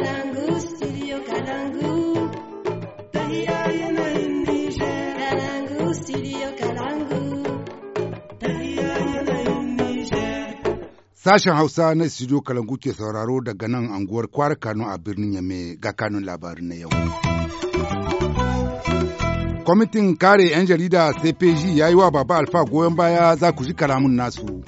kalangu sashen hausa na studio kalangu ke sauraro daga nan anguwar kwara kano a birnin yame ga kanun labarin na yau kwamitin kare 'yan jarida cpg ya yi wa baba alfa goyon baya za ku ji kalamun nasu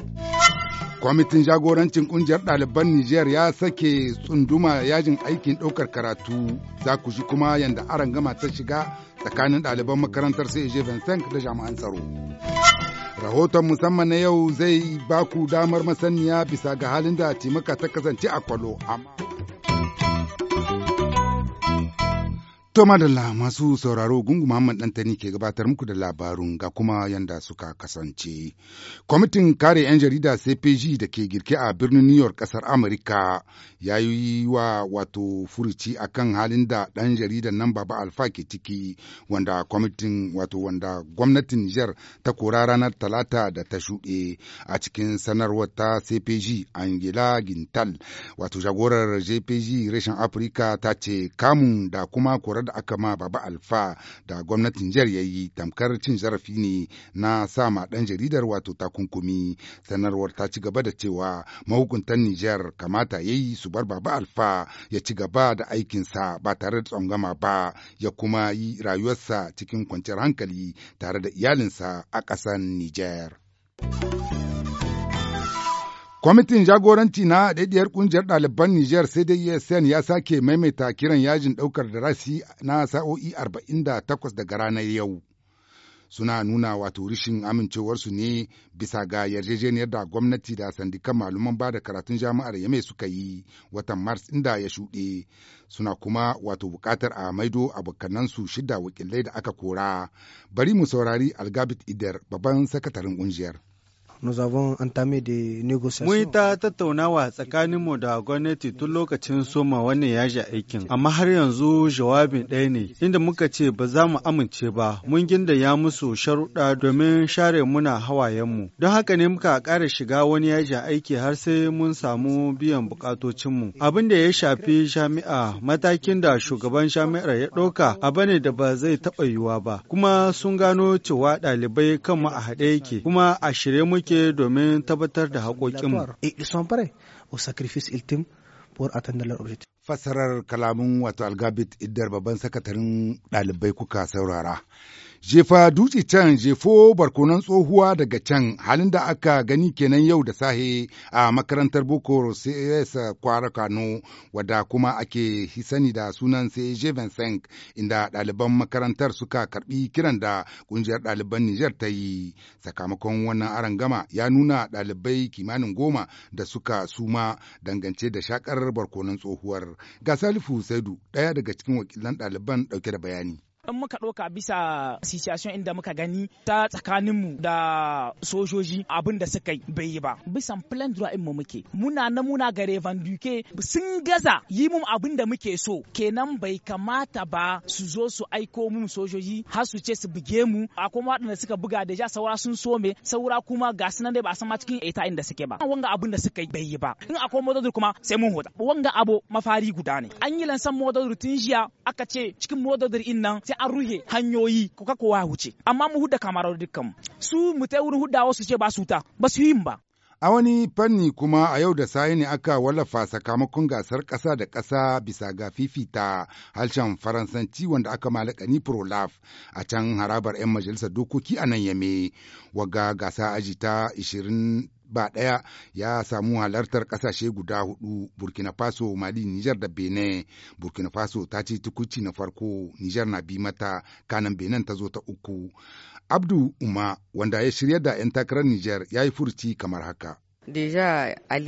kwamitin jagorancin kungiyar ɗaliban Nijar ya sake tsunduma yajin aikin ɗaukar karatu za ku ji kuma yadda aron gama ta shiga tsakanin ɗaliban makarantar CAG Vincent da jami'an tsaro. Rahoton musamman na yau zai baku damar masaniya bisa ga halin da timaka ta kasance a kwalo amma. To madalla masu sauraro gungu Muhammad Dantani ke gabatar muku da labarun ga kuma yanda suka kasance. Kwamitin kare 'yan jarida CPG da ke girke a birnin New York kasar Amurka ya yi wa wato furuci akan halin da ɗan jaridan nan Baba Alfa ke ciki wanda kwamitin wato wanda gwamnatin Nijar ta kora ranar Talata da ta shuɗe a cikin sanarwar ta CPG Angela Gintal wato jagorar JPG reshen Afirka ta ce kamun da kuma korar korar da aka ma baba alfa da gwamnatin jihar ya yi tamkar cin zarafi ne na sama ɗan jaridar wato takunkumi sanarwar ta ci gaba da cewa mahukuntan nijar kamata ya yi su bar baba alfa ya ci gaba da aikinsa ba tare da tsangama ba ya kuma yi rayuwarsa cikin kwanciyar hankali tare da iyalinsa a ƙasar nijar. Kwamitin jagoranci na ɗaiɗiyar ƙungiyar ɗaliban Nijar sai dai ESN ya sake maimaita kiran yajin ɗaukar da rasi na sa'o'i arba'in da 48 daga ranar yau. Suna nuna wato rishin amincewarsu ne bisa ga yarjejeniyar da gwamnati da sandikan maluman ba da karatun jami'ar Yame suka yi watan Mars inda ya shuɗe. Suna kuma wato buƙatar a maido abokanansu shida wakilai da aka kora. Bari mu saurari Algabit Idar babban sakataren ƙungiyar. nous avons entamé des négociations. Mun ta tattaunawa tsakanin mu da gwamnati tun lokacin soma wannan yaji aikin, amma har yanzu jawabin ɗaya ne, inda muka ce ba za mu amince ba, mun ginda ya musu sharuɗa domin share muna hawayenmu. Don haka ne muka ƙara shiga wani yaji aiki har sai mun samu biyan mu Abin da ya shafi jami'a matakin da shugaban jami'ar ya ɗauka abu ne da ba zai taɓa yiwuwa ba, kuma sun gano cewa ɗalibai kanmu a haɗe yake, kuma a shirye muke suke domin tabbatar da haƙoƙinmu. Eh, fasarar kalamun wato Algabit Iddar babban sakatarin ɗalibai kuka saurara. jefa dutse can jefo barkonon tsohuwa daga can halin da aka gani kenan yau da sahe a makarantar boko cs kwara kano wadda kuma ake sani da sunan cg vincent inda ɗaliban makarantar suka karbi kiran da kungiyar ɗaliban niger ta yi sakamakon wannan arangama ya nuna ɗalibai kimanin goma da suka suma dangance da shakar barkonon tsohuwar ga salifu saidu ɗaya daga cikin wakilan ɗaliban ɗauke da bayani in muka ɗauka bisa situation inda muka gani ta tsakanin mu da sojoji abin da suka bai yi ba bisan plan droit in mu muke muna na muna ga duke sun gaza yi mun abin da muke so kenan bai kamata ba su zo su aiko mun sojoji har su ce su buge mu a kuma waɗanda suka buga da ja saura sun so me saura kuma ga su nan dai ba san ma cikin eta inda suke ba wanga abin da suka bai yi ba in akwai mododur kuma sai mun hota. wanga abu mafari guda ne an yi lansan mododur tun jiya aka ce cikin mododur in nan ta an ruhe hanyoyi ko ka wa huce amma mu hudda kamarar dukkan su mu ta wurin huddawa wasu ce ba su ta ba su yin ba A wani fanni kuma a yau da sayi ne aka wallafa sakamakon gasar kasa da kasa bisa ga fifita harshen Faransanci wanda aka malakani Prolaf a can harabar 'yan majalisar dokoki a nan Yame. Waga gasa aji ta ba ɗaya ya samu halartar ƙasashe guda hudu burkina faso mali nijar da benin burkina faso ta ce tukuci na farko nijar na bi mata kanan benin ta zo ta uku abdu uma wanda ya shirya da 'yan takarar nijar ya yi furci kamar haka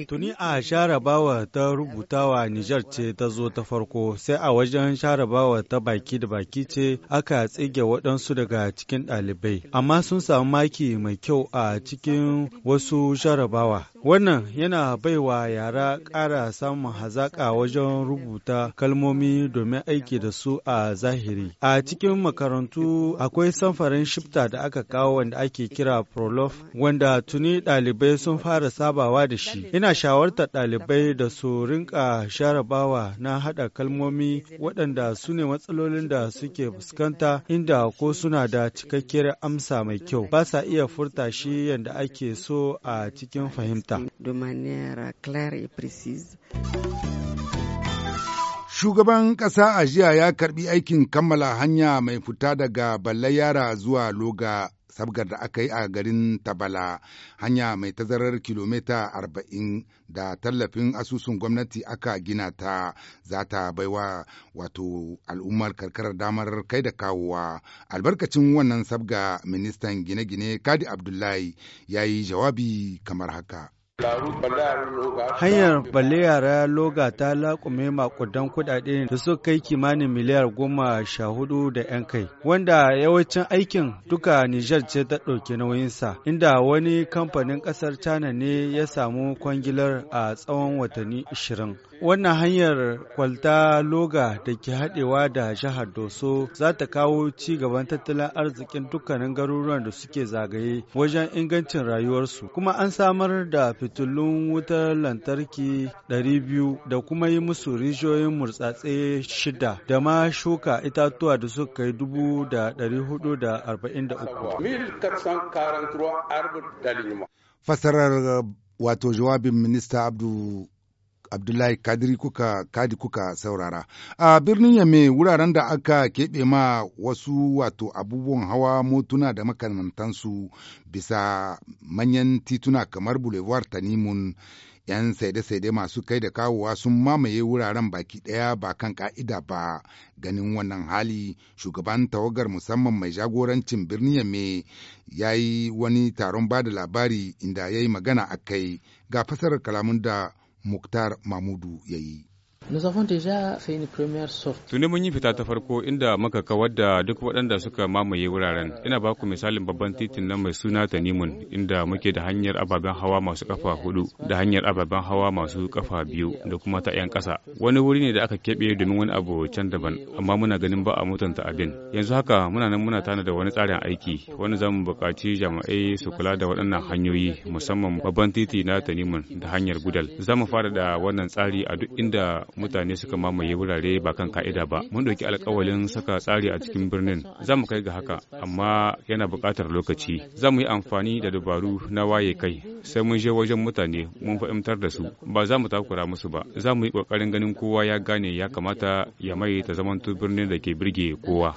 Tuni a sharabawa ta rubutawa Nijar ce ta zo ta farko, sai a wajen sharabawa ta baki da baki ce aka tsige waɗansu daga cikin ɗalibai. Amma sun samu maki mai kyau a cikin wasu sharabawa. Wannan yana baiwa yara ƙara samun hazaƙa wajen rubuta kalmomi domin aiki da su a zahiri. A cikin makarantu akwai samfarin shifta da aka kawo wanda ake kira Prolof, wanda tuni ɗalibai sun fara sabawa da shi. Ina shawarta ɗalibai da su rinka sharabawa na haɗa kalmomi waɗanda su ne matsalolin da suke fuskanta inda ko suna da cikakkiyar amsa mai kyau. Ba sa iya furta shi yadda ake so a cikin fahimta. Krista. Mm, Shugaban ƙasa a jiya ya karbi aikin kammala hanya mai fita daga balle yara zuwa loga sabgar da aka yi a garin Tabala, hanya mai tazarar kilomita arba'in da tallafin asusun gwamnati aka gina ta za ta baiwa wato al'ummar karkarar damar kai da kawowa. Albarkacin wannan sabga ministan gine-gine Kadi Abdullahi ya yi jawabi kamar haka. Hanyar balle yara loga ta laƙume makudan kuɗaɗe da suka kai kimanin miliyar goma sha hudu da 'yan kai, wanda yawancin aikin duka Nijar ce ta ɗauki nauyinsa, inda wani kamfanin ƙasar China ne ya samu kwangilar a tsawon watanni ashirin. Wannan hanyar kwalta loga da ke haɗewa da jihar Doso za ta kawo ci gaban tattalin arzikin dukkanin garuruwan da suke zagaye wajen ingancin rayuwarsu. Kuma an samar da fitilun wutar lantarki 200 da kuma yi musu rijiyoyin murtsatse shida da ma shuka itatuwa da suka kai 443. Fasarar wato jawabin minista Abdu Abdullahi Kadiri kuka Kadi kuka saurara. A birnin Yame wuraren da aka keɓe ma wasu wato abubuwan hawa motuna da makamantansu bisa manyan tituna kamar Boulevard Tanimun. 'yan saide-saide masu kai da kawowa sun mamaye wuraren baki ɗaya ba kan ka'ida ba ganin wannan hali shugaban tawagar musamman mai jagorancin birnin yame ya yi wani taron ba da labari inda ya yi magana a kai ga fasarar kalamun da Muktar Mamudu ya yi. Tuni mun yi fita ta farko inda muka kawar da duk waɗanda suka mamaye wuraren. Ina ba ku misalin babban titin nan mai suna Tanimun inda muke da hanyar ababen hawa masu kafa hudu da hanyar ababen hawa masu kafa biyu da kuma ta 'yan ƙasa. Wani wuri ne da aka keɓe domin wani abu can daban amma muna ganin ba a mutunta abin. Yanzu haka muna nan muna tana da wani tsarin aiki wani zamu buƙaci jami'ai su kula da waɗannan hanyoyi musamman babban titi na Tanimun da hanyar Gudal. Za mu fara da wannan tsari a duk inda mutane suka mamaye wurare ba kan ka'ida ba mun ɗauki alkawalin saka tsari a cikin birnin za mu kai ga haka amma yana buƙatar lokaci za mu yi amfani da dabaru na waye kai sai mun je wajen mutane mun fahimtar da su ba za mu takura musu ba za mu yi ƙoƙarin ganin kowa ya gane ya kamata ya mai ta zamanto birnin da ke birge kowa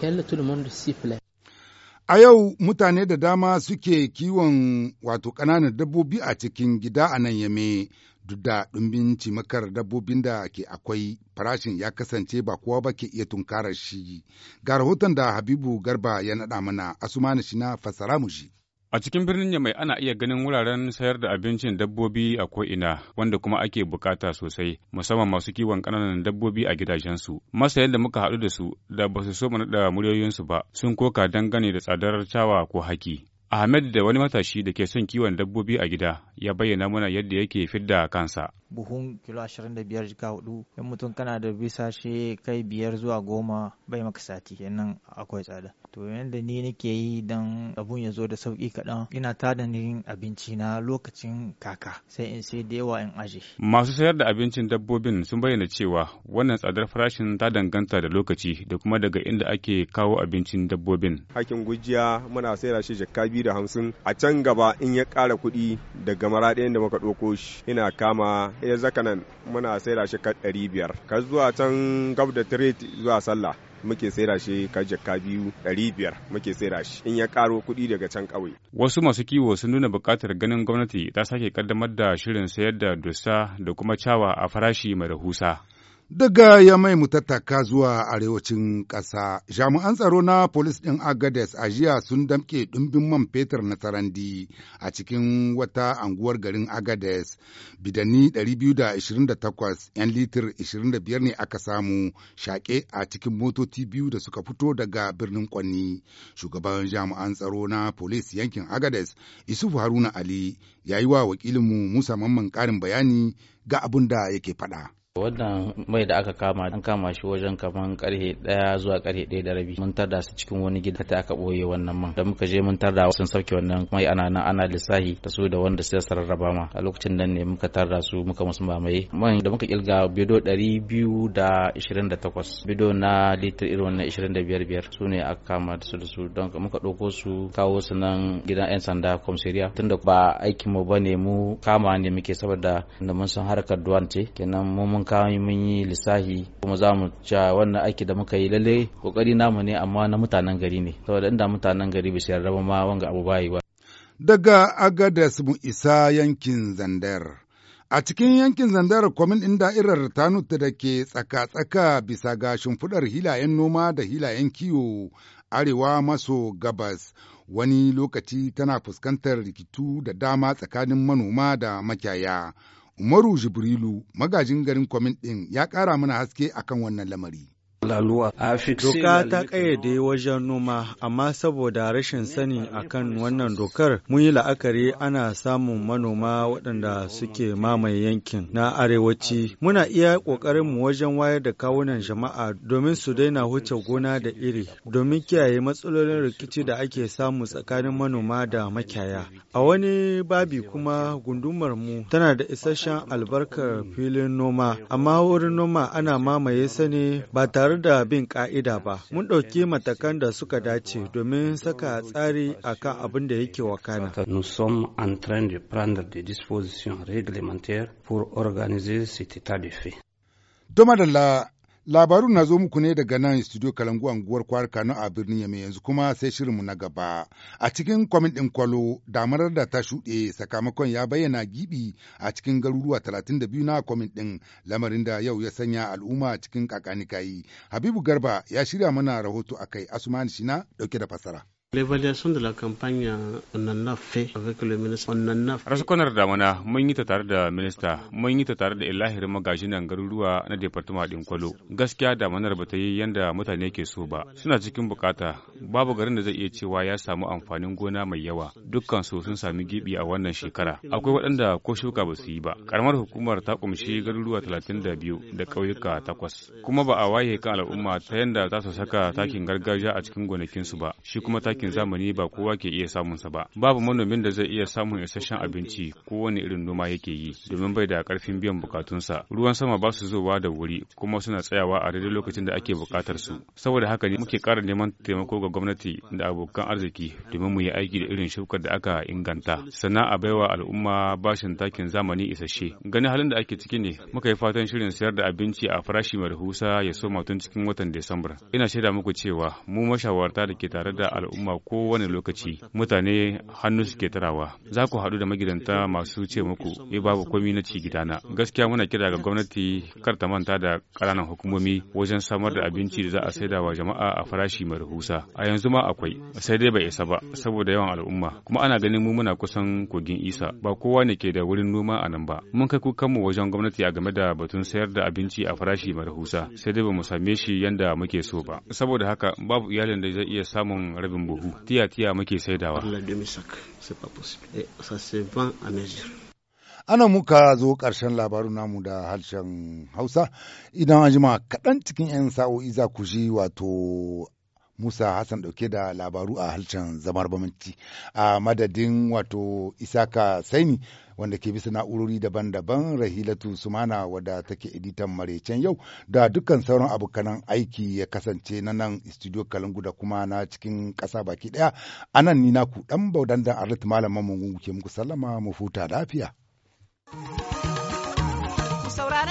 A yau mutane da dama suke kiwon wato ƙananan dabbobi a cikin gida a nan yame duk da ɗumbin cimakar dabbobin da ke akwai farashin ya kasance ba kowa ba ke iya tunkarar shi ga rahoton da habibu garba ya naɗa mana asumani na fassara mu shi A cikin birnin Yamai ana iya ganin wuraren sayar da abincin dabbobi a ko'ina wanda kuma ake bukata sosai musamman masu kiwon ƙananan dabbobi a gidajensu. Masayan da muka haɗu da su da ba su so mu naɗa muryoyinsu ba sun koka dangane da tsadar cawa ko haki. Ahmed da wani matashi da ke son kiwon dabbobi a gida ya bayyana mana yadda yake fidda kansa. buhun kilo ashirin da biyar jika hudu 'yan mutum kana da bisa shi kai biyar zuwa goma bai maka sati kenan akwai tsada to yadda ni nake yi don abun ya zo da sauki kaɗan ina tada ni abinci na lokacin kaka sai in sai da yawa in aje masu sayar da abincin dabbobin sun bayyana cewa wannan tsadar farashin ta danganta da lokaci da kuma daga inda ake kawo abincin dabbobin hakin gujiya muna sayar shi jakka biyu da hamsin a can gaba in ya ƙara kuɗi daga maraɗayan da muka ɗauko shi ina kama ya eh, zaka nan muna saida shi ka ɗari biyar ka zuwa can gab da trade zuwa sallah muke saida shi ka jakka biyu ɗari biyar muke saida shi in ya karo kuɗi daga can ƙauye. Wasu masu kiwo sun nuna buƙatar ganin gwamnati ta sake kaddamar da shirin sayar da dusa da kuma cawa a farashi mai rahusa. Daga ya mai mutattaka zuwa arewacin ƙasa, jami'an tsaro na polis ɗin Agades a jiya sun damƙe ɗumbin man fetur na sarandi a cikin wata anguwar garin Agades. bidanni 228 'yan litir 25 ne aka samu shaƙe a cikin motoci biyu da suka fito daga birnin Kwanni. Shugaban jami'an tsaro na polis yankin Agades, Isufu Haruna Ali, ya yi wa wakilinmu Musa Mamman ƙarin bayani ga abin da yake faɗa. wannan mai da aka kama an kama shi wajen kaman karhe daya zuwa karhe daya da rabi mun tarda su cikin wani gida ta aka boye wannan man da muka je mun tarda sun sauke wannan mai ana nan ana lissahi da su da wanda sai sararraba ma a lokacin nan ne muka tarda su muka musu mamaye man da muka kilga bido 228 bido na litir irin wannan da biyar su ne aka kama su da su don muka ɗauko su kawo su nan gidan 'yan sanda komsiriya tunda ba aikin mu bane mu kama ne muke saboda da mun san harkar duwan ce kenan mu mun kawo mun yi lissafi kuma za mu ci wannan aiki da muka yi lalle kokari namu ne amma na mutanen gari ne saboda inda mutanen gari bisa yarda ma wanga abu bayi ba daga agadas mu isa yankin zandar a cikin yankin zandar kwamin in da'irar tanut da ke tsaka-tsaka bisa ga shimfiɗar hilayen noma da hilayen kiwo arewa maso gabas wani lokaci tana fuskantar rikitu da dama tsakanin manoma da makiyaya Umaru Jibrilu magajin garin kwamin ɗin ya ƙara mana haske akan wannan lamari. Doka ta ƙayyade wajen noma, amma saboda rashin sani akan wannan dokar, mun yi la'akari ana samun manoma waɗanda suke mamaye yankin na arewaci. Muna iya mu wajen wayar da kawunan jama'a domin su daina wuce gona da iri, domin kiyaye matsalolin rikici da ake samu tsakanin manoma da makiyaya. A wani babi kuma gundumar mu tana da isasshen albarkar filin noma, amma wurin noma ana mamaye sani ba tare tare da bin ƙa'ida ba, mun ɗauki matakan da suka dace domin saka tsari a kan abin da yake wakana. Nous sommes en train de prendre des dispositions réglementaires pour organiser cet état de fait. Labarun na zo muku ne daga nan studio Kalangu anguwar kwar Kano a birnin Yamma yanzu kuma sai shirinmu na gaba. A cikin kwamin ɗin kwalo damarar da ta shuɗe sakamakon ya bayyana giɓi a cikin garuruwa biyu na kwamin ɗin lamarin da yau ya sanya al'umma cikin kakanikayi. Habibu Garba ya shirya mana rahoto akai Asumani Shina ɗauke da fasara. L'évaluation de la campagne, on en a fait avec le ministre, on en a fait. damana mun yi ta tare da minista, mun yi ta tare da ilahirin magajin nan garuruwa na departama din Kwalo. Gaskiya damanar ba ta yi yanda mutane ke so ba. Suna cikin bukata, babu garin da zai iya cewa ya samu amfanin gona mai yawa. Dukkan su sun sami gibi a wannan shekara. Akwai waɗanda ko shuka ba su yi ba. Karamar hukumar ta kumshi garuruwa 32 da ƙauyuka takwas. Kuma ba a waye kan al'umma ta yanda za su saka takin gargajiya a cikin gonakinsu ba. Shi kuma takin aikin zamani ba kowa ke iya samun sa ba. Babu manomin da zai iya samun isasshen abinci kowane irin noma yake yi domin bai da karfin biyan bukatunsa. Ruwan sama ba su zowa da wuri kuma suna tsayawa a daidai lokacin da ake bukatar su. Saboda haka ne muke kara neman taimako ga gwamnati da abokan arziki domin mu yi aiki da irin shukar da aka inganta. Sannan a baiwa al'umma bashin takin zamani isasshe. Ganin halin da ake ciki ne muka yi fatan shirin sayar da abinci a farashi mai rahusa ya soma tun cikin watan Desamba. Ina shaida muku cewa mu mashawarta da ke tare da al'umma al'umma kowane lokaci mutane hannu suke tarawa za ku haɗu da magidanta masu ce muku e babu komi na ci gidana gaskiya muna kira ga gwamnati kar ta manta da ƙananan hukumomi wajen samar da abinci da za a saida wa jama'a a farashi mai rahusa a yanzu ma akwai sai dai bai isa ba saboda yawan al'umma kuma ana ganin mu muna kusan kogin isa ba kowa ne ke da wurin noma a nan ba mun kai kukanmu wajen gwamnati a game da batun sayar da abinci a farashi mai rahusa sai dai ba mu same shi yanda muke so ba saboda haka babu iyalin da zai iya samun rabin buhu buhu tiya-tiya muke saidawa eh, ana muka zo ƙarshen labarin namu da harshen hausa idan an jima kaɗan cikin 'yan sa'o'i za ku ji wato Musa Hassan dauke da labaru a halcin zamar bamanci a madadin wato Isaka Saini wanda ke bisa na'urori daban-daban Rahilatu Sumana wadda take editan maraicen yau da dukkan sauran abokanan aiki ya kasance na nan studio Kalangu da kuma na cikin ƙasa baki ɗaya a nan ni naku ɗan baudan da Arlit Malam ke muku sallama mu futa lafiya.